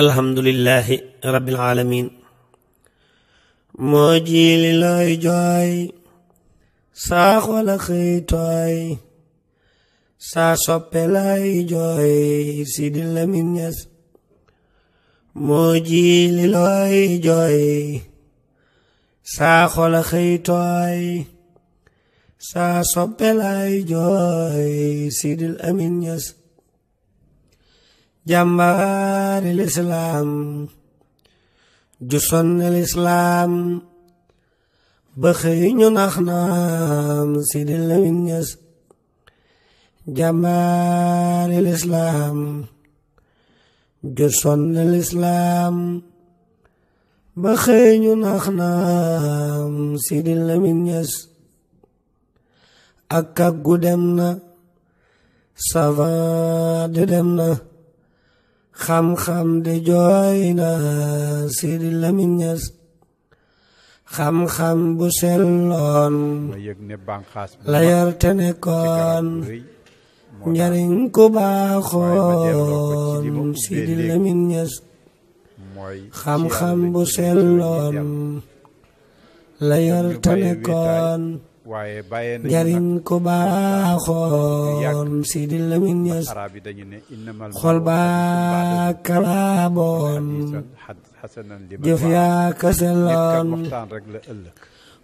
الحمد لله رب العالمين موجي لله جاي ساخ ولا خيتاي سا سوبلاي جاي سيد لمن ياس موجي لله جاي ساخ ولا خيتاي سا سوبلاي جاي سيد الامين يس jambar Islam, ju Islam, bakhay ñu nax naam Sidi Lamin Ñas jàmbaari Islam ju sonn lislaam ñu nax naam Sidi Lamin Ñas de demna. xam-xam de jooy na Sidi Lamine Niass xam-xam bu selloon la yor te ku baaxoon Sidi Lamine Niass xam-xam bu selloon la yor waaye bàyyee nañu njariñ ku baaxoon si xol baa kalaaboon jëf yaa kaseloon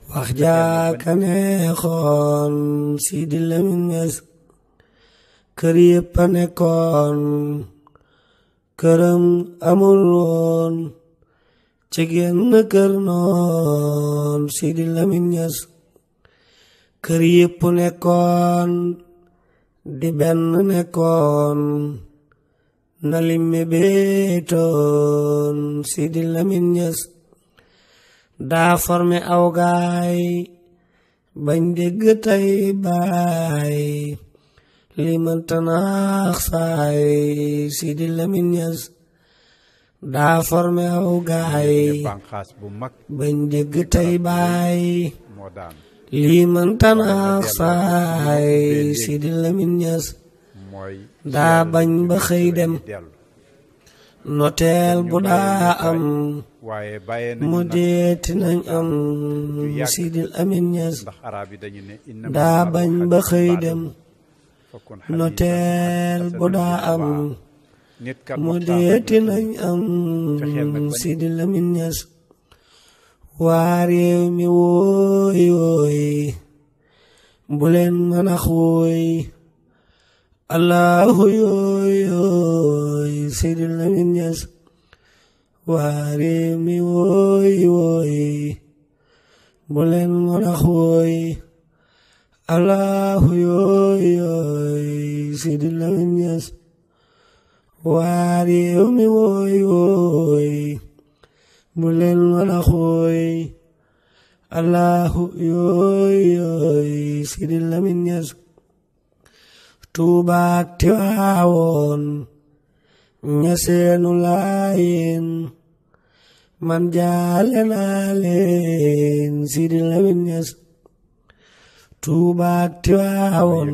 wax jaa kaneexoon si di lamin ñas kër yëpp a nekkoon këram amul woon ci génn kër kër yépp nekkoon di benn nekkoon na lim mi béetoon Sidi Lamin Ñas daa formé aw gaay bañ dégg tey baay li man tanaax saay Sidi Lamin Ñas daa formé aw gaay bañ dégg tey baay lii man tanaax saay si di lamin ñas daa bañ ba xëy dem noteel bu daa am mu deeti nañ am si di lamin ñas daa bañ ba xëy dem noteel bu daa am mu deeti nañ am si di lamin ñas waaree mi wooy wooy bu leen mën a xooy allahu yooy yooy Seydi Lamine Niass waaree mi wooy wooy bu leen mën a xooy allahu yooy yooy Seydi Lamine Niass waaree mi wooy wooy mu leen mën a xooy allahu yooy yooy Sidi Lamine Niass tuubaak tiwaawoon ñaseenu laayeen man jaale naa leen Sidi Lamine Niass tuubaak tiwaawoon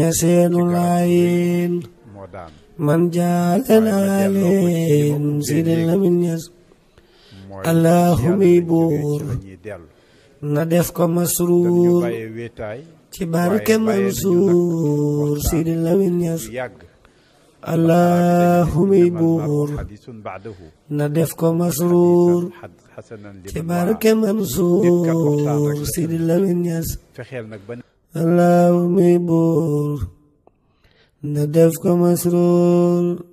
ñaseenu laayeen man jaalana leen Sidi Lamine Niass allahumi buur na def ko masruur ci barke Mansuur Sidi Lamine Niass allahumi buur na def ko masruur ci barke Mansuur Sidi Lamine Niass allahumi buur ندف كمسرور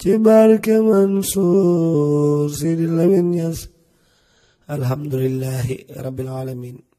تبارك منصور سيد اللبن يس الحمد لله رب العالمين